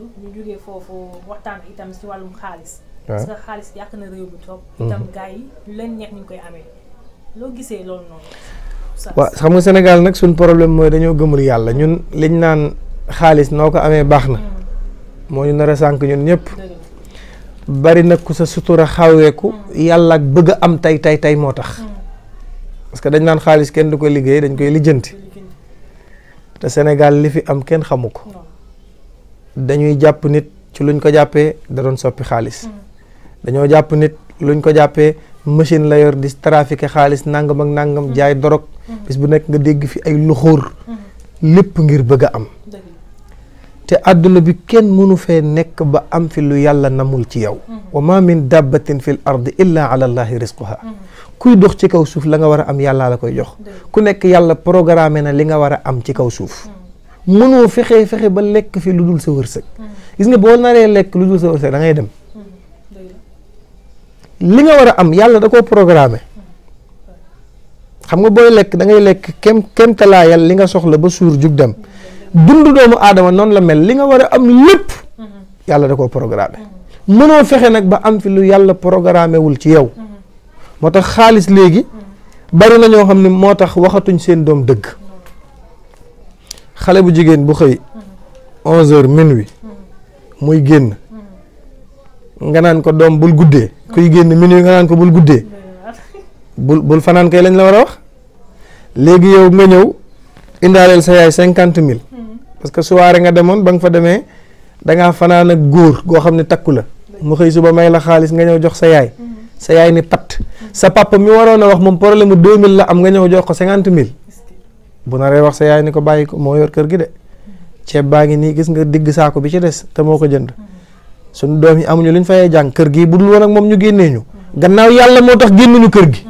Abdou foofu waxtaan xaalis. parce que xaalis mhm. xam nga Sénégal nag suñ problème mooy dañoo gëmul yàlla ñun liñ naan xaalis noo ko amee baax na. Mhm. moo ñu nar a sànq ñun ñëpp. bari nag ku sa sutura xaweeku mhm. yàlla ak bëgg am tey tey tey moo tax. parce que dañ naan xaalis kenn du ko liggéey dañ koy lijjanti. te Sénégal li fi am kenn xamu ko. dañuy jàpp nit ci lu luñ ko jàppee da doon soppi xaalis mm. dañoo jàpp nit luñ ko jàppee machine la yor di trafiqué xaalis nangam ak nangam mm. jaay dorog mm. bis bu nekk nga dégg fi ay luxóor lépp ngir bëgg am te àdduna bi kenn mënu fee nekk ba am fi lu yàlla namul ci yow wa ma min dabbatin fi illa ala allahi risquha kuy dox ci kaw suuf la nga war a am yàlla la koy jox ku nekk yàlla programmé na li nga war a am ci kaw suuf mënoo fexe fexe ba lekk fi lu dul sa wërsëg. gis nga boo naree lekk lu dul sa wërsëg da dem. li nga war a am yàlla da koo programmé xam nga booy lekk da ngay lekk kem kemtalaayal li nga soxla ba suur jug dem dund doomu aadama noonu la mel li nga war a am lépp yàlla da koo programmé mënoo fexe nag ba am fi lu yàlla programmé wul ci yow moo tax xaalis léegi bari na ñoo xam ni moo tax waxatuñ seen doom dëgg. xale bu jigéen bu xëy onze heures minuit muy génn nga naan ko doom bul guddee kuy génn minuit nga naan ko bul guddee bul bul fanaan kay lañ la war a wax léegi yow nga ñëw indaaleel sa yaay cinquante mille parce que soirée nga demoon ba nga fa demee dangaa fanaan ak góor goo xam ne takku la mu xëy suba may la xaalis nga ñëw jox sa yaay sa yaay ni pat sa papa mi waroon a wax moom problème mu deux mille la am nga ñëw jox ko cinquante mille bu naree wax sa yaay ni ko bàyyi ko moo yor kër gi de ceeb baa ngi nii gis nga digg saako bi ci des te moo ko jënd suñu doom yi amuñu luñ fayee jàng kër gi bu dul woon ak moom ñu génnee ñu gannaaw yàlla moo tax génnuñu kër gi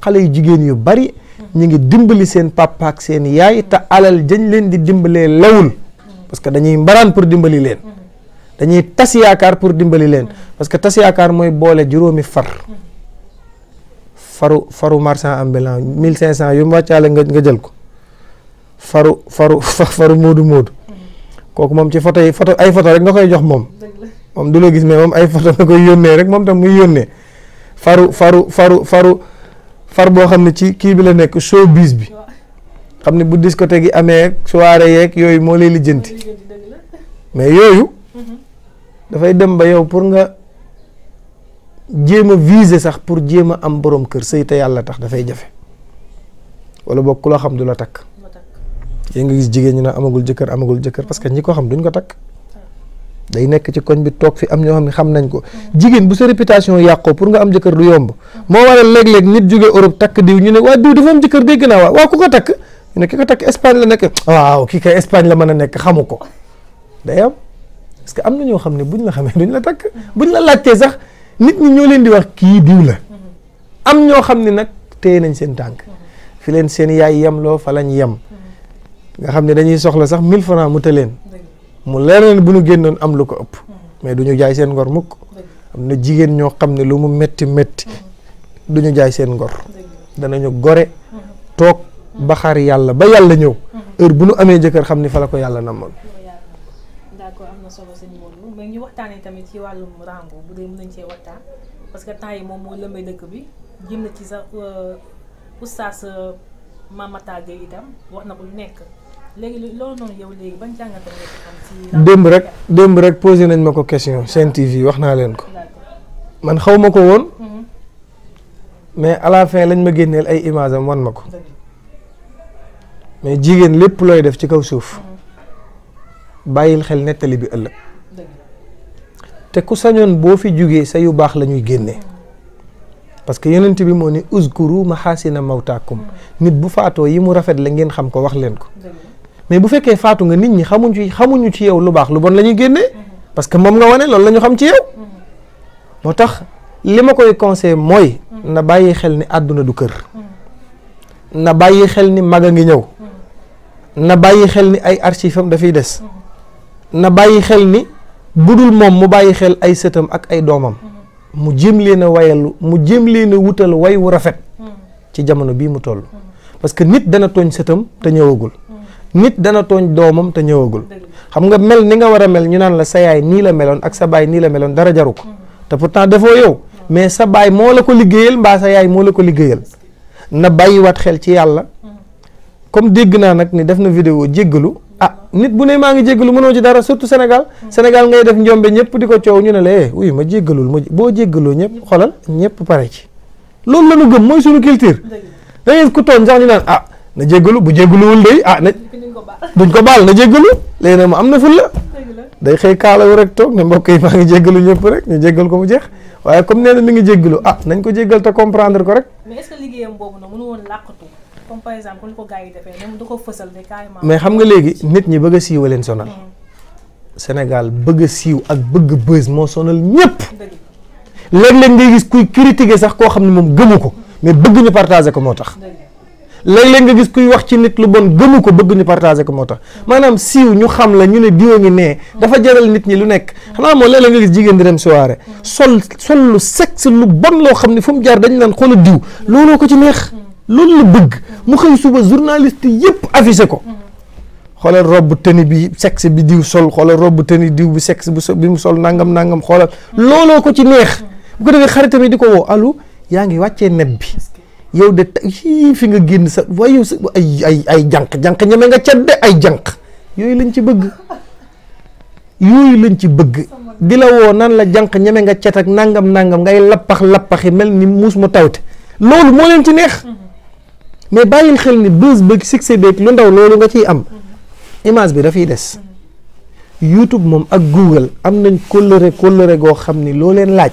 xale yu jigéen yu bari ñu ngi dimbali seen papa ak seen yaay te alal jëñ leen di dimbalee lewul parce que dañuy mbaraan pour dimbali leen dañuy tas yaakaar pour dimbali leen parce que tas yaakaar mooy boole juróomi far faru faru marchand ambulant mille cinq cent yu mu wàccaale nga nga jël ko faru faru faru moodu moodu kooku moom ci photo yi photo ay photo rek nga koy jox moom moom du la gis mais moom ay photo nga koy yónnee rek moom tam muy yónnee faru faru faru faru far boo xam ne ci kii bi la nekk showbiz bi xam ne bu discothèque gi amee soirée yeeg yooyu moo lay lijjanti mais yooyu mhm. dafay dem ba yow pour nga jéem a viser sax pour jéem am borom kër sëy te yàlla tax dafay jafe wala boog ku la xam du la takk. yéen nga gis jigéen ñu naan amagul jëkkër amagul jëkkër parce que ñi ko xam duñ ko takk. day nekk ci koñ bi toog fi am ñoo xam ne xam nañ ko. jigéen bu sa réputation yàqoo pour nga am jëkkër du yomb. moo waral léeg-léeg nit jóge Europe takk diw ñu ne waa diw dafa am jëkkër dégg naa a waa ku ko takk ñu ne ki ko takk Espagne la nekk waaw kii kay Espagne la mën a nekk xamu ko day am parce que am na ñoo xam ne buñ la xamee duñ la takk buñ la laajtee sax nit ñi ñoo leen di wax kii diw la mm-hmm. am ñoo xam ne nag téye nañ seen tànk mm-hmm. fi leen seen yaay loo fa lañ yem mm-hmm. nga xam ne dañuy soxla sax 1000 francs mu tëleen mu leer bu ñu génnoon am lu ko ëpp mais du ñu jaay seen ngor mukk am na jigéen ñoo xam ne lu mu metti metti du ñu jaay seen ngor danañu gore toog ba baxaar yàlla ba yàlla ñëw heure bu ñu amee jëkkër xam ni fa la ko yàlla namoon d'accord am na solo sëñ Modou mais ñu waxtaanee tamit ci wàllum rango bu dee mën nañ cee waxtaan parce que temps yi moom moo lëmbee dëkk bi jëm na ci sax sa euh, euh, Mamata Gueye itam wax na ko lu nekk léegi yow léegi ban jàngat démb rek démb rek posé nañ ma ko question Sen TV wax naa leen ko. man xaw ma ko woon. Mm-hmm. mais à la fin lañ ma génneel ay image am wan ma ko. mais jigéen lépp looy def ci kaw suuf. Mm-hmm. bàyyil xel nettali bi ëllëg te ku sañoon boo fi jógee sa yu baax la ñuy génnee parce que yonent bi moo ni uzkuru maxaasina mawtaakum nit bu faatoo yi mu rafet la ngeen xam ko wax leen ko mais bu fekkee faatu nga nit ñi xamuñ ci xamuñu ci yow lu baax lu bon lañuy ñuy génnee parce que moom nga wane loolu la ñu xam ci yow moo tax li ma koy conseillé mooy na bàyyi xel ni àdduna du kër na bàyyi xel ni mag a ngi ñëw na bàyyi xel ni ay archives am dafay des na bàyyi xel ni dul moom mu bàyyi xel ay sëtam ak ay doomam mm-hmm. mu jéem leen a wayalu mu jéem leen a wutal way wu rafet mm-hmm. ci jamono bii mu toll mm-hmm. parce que nit dana tooñ sëtam te ñëwagul nit dana tooñ doomam te ñëwagul xam nga mel ni nga war a mel ñu naan la sa yaay nii la meloon ak sa baay nii la meloon dara jaru ko te pourtant defoo yow mais sa baay moo la ko liggéeyal mbaa sa yaay moo la ko liggéeyal na bàyyiwaat xel ci yàlla comme dégg naa nag ni def na vidéo jéggalu nit bu nee maa ngi jéggalu mënoo ci dara surtout Sénégal mm. Sénégal ngay def njombe ñëpp di ko coow ñu ne la eh ma jéggalul ma boo jéggaloo ñëpp xolal ñëpp pare ci loolu la ñu gëm mooy suñu culture da ngeen ku tooñ sax ñu naan ah na jéggalu bu jéggaluwul day ah na duñ ko baal na jéggalu léegi nag mu am na ful la day xëy kaalawu rek toog ne mbokk yi maa ngi jéggalu ñëpp rek ñu jéggal ko mu jeex waaye comme nee na mi ngi jéggalu ah nañ ko jéggal te comprendre ko rek mais est-ce que liggéeyam boobu comme exemple ko gars yi defee ne carrément. mais xam nga léegi nit ñi bëgg a siiw sonal. Hmm. Sénégal bëgg siiw ak bëgg buzz moo sonal ñëpp. léeg-léeg ngay gis kuy critiquer sax koo xam ne moom gëmu ko mais bëgg ñu partager ko moo tax. léeg-léeg nga gis kuy wax ci nit lu bon gëmu ko bëgg ñu partager ko moo tax maanaam siiw ñu xam la ñu ne diwa ngi nee hmm. dafa jaral nit ñi lu nekk hmm. xanaa moo léeg-léeg nga gis jigéen di dem soirée sol sol lu sexe lu bon loo xam ne fu mu jaar dañu naan xoola diw looloo ko ci neex loolu la bëgg mu xëy suba journaliste yëpp affiché ko xoolal robe tëni bi sexe bi diw sol xoolal robe tëni diw bi sexe bi bi mu sol nangam nangam xoolal looloo ko ci neex bu ko defee xaritam yi di ko woo alu yaa ngi wàccee neb bi yow de fi nga génn sa waaye sa ay ay ay jànq jànq ñeme nga cadde ay jànq yooyu lañ ci bëgg yooyu lañ ci bëgg di la woo nan la jànq ñeme nga cet ak nangam nangam ngay lappax lappaxi mel ni muus mu tawte loolu moo leen ci neex mais bàyyil xel ni bés bëgg succès beeg lu ndaw loolu nga ciy am mm-hmm. image bi dafay des YouTube moom ak Google am nañ kóllëre kóllëre goo xam ni loo leen laaj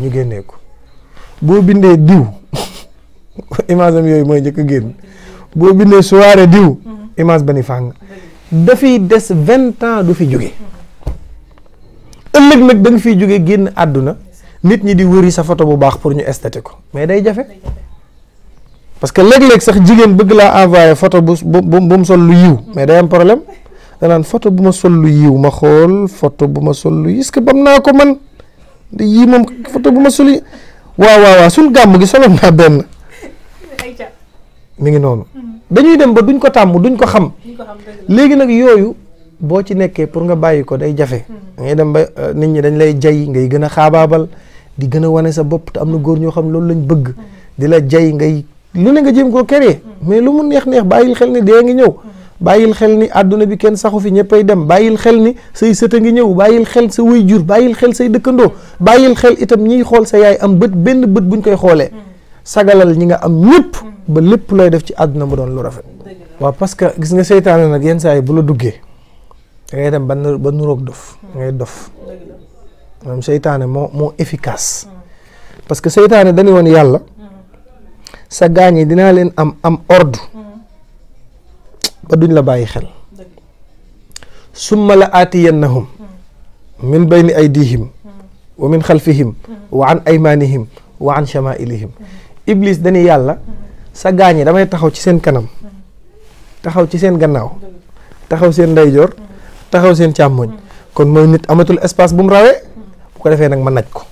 ñu génnee ko boo bindee diw image am yooyu mooy njëkk a génn boo bindee soirée diw mm-hmm. image ba ni fàng dafiy des vingt ans du fi jóge ëllëg nag da nga fiy jóge génn àdduna nit ñi di wëri sa foto bu baax pour ñu esthété ko mais day jafe parce que léeg-léeg sax jigéen bëgg laa envoyé photo bu bu bu sol lu yiw mais day am problème danaan photo bu ma sol lu yiw ma xool photo bu ma sol lu est ce que bam naa ko man yii photo bu ma sol yi suñ gàmm gi soloon naa benn mi ngi noonu hmm. dañuy dem ba duñ ko tàmm duñ ko xam léegi nag yooyu boo ci nekkee pour nga bàyyi ko day jafe hmm. ngay dem ba euh, nit ñi dañ lay jay ngay gën a xaabaabal di gën a wane sa bopp te am na góor ñoo xam loolu lañ bëgg hmm. di la jay ngay lu ne nga jëm koo créer mm. mais lu mu neex neex bàyyil xel ni dee ngi ñëw mm. bàyyil xel ni àdduna bi kenn saxu fi ñëppay dem bàyyil xel ni say sët a ngi ñëw bàyyil xel sa way jur bàyyil xel say dëkkandoo mm. bàyyil xel itam ñiy xool sa yaay am bët benn bët bu ñu koy xoolee sagalal ñi nga am ñëpp ba lépp lay def ci àdduna mu doon lu rafet waaw parce que gis nga seytaane nag yenn saa yi bu la duggee da dem ba ba nuroog dof da ngay dof seytaane moo moo efficace que seytaane dañu woon yàlla sa gaañ yi dinaa leen am am ordre mm. ba duñ la bàyyi xel summa la aatiyannahum mm. min bayni aydihim mm. wa min xalfihim wa an aymanihim wa an chamailihim iblis dañuy yàlla sa gaañ yi damay taxaw ci seen kanam taxaw ci seen gannaaw taxaw seen ndeyjoor taxaw seen càmmoñ kon mooy nit amatul espace bu mu rawee bu ko defee nag ma naj ko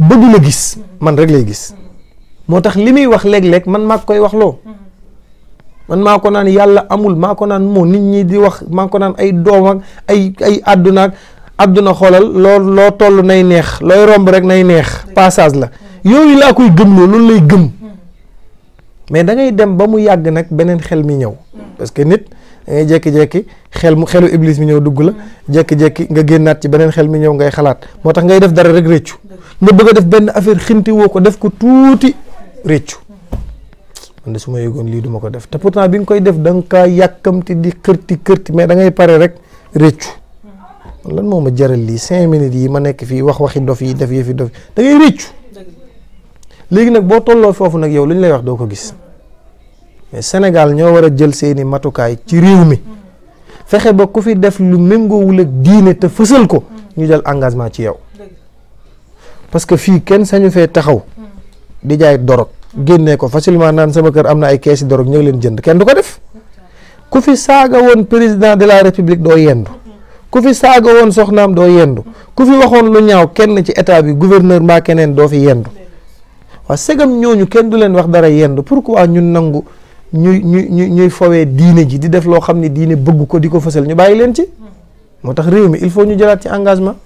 bëgg la gis man rek lay gis moo tax li muy wax léeg-léeg man maa koy wax loo man maa ko naan yàlla amul maa ko naan moo nit ñi di wax maa ko naan ay doom ak ay ay àdduna ak àdduna xoolal loo loo toll nay neex looy romb rek nay neex passage la yooyu laa koy gëm loo loolu lay gëm mais dangay dem ba mu yàgg nag beneen xel mi ñëw parce que nit da ngay jekki xel mu xelu iblis mi ñëw dugg la jekki jékki nga génnaat ci beneen xel mi ñëw ngay xalaat moo tax ngay def dara rek réccu nga bëgg def benn affaire xinti woo ko def ko tuuti réccu man de su ma yëgoon lii duma ko def te pourtant bi nga koy def da nga kaa yàkkamti di xërti xërti mais dangay ngay pare rek réccu lan moom ma jaral lii cinq minutes yi ma nekk fii wax waxi dof yi def yëfi dof da ngay réccu léegi nag boo tolloo foofu nag yow lu ñu lay wax doo ko gis mais ñoo war a jël seeni matukaay ci réew mi fexe ba ku fi def lu méngoowul ak diine te fësal ko ñu jël engagement ci yow parce que fii kenn sañu fee taxaw mm. di jaay génnee ko facilement naan sama kër am na ay keesi dorog ñu leen jënd kenn du ko def ku fi saaga woon président de la république doo yendu ku fi saaga woon soxnaam doo yendu ku fi waxoon lu ñaaw kenn ci état bi gouverneur mbaa keneen doo fi yendu waaw segam ñooñu kenn du leen wax dara yendu pourquoi ñun nangu ñuy ñuy ñuy ñuy fowee diine ji di def loo xam ne diine bëgg ko di ko fësal ñu bàyyi leen ci moo tax réew mi il faut ñu jëlaat ci engagement.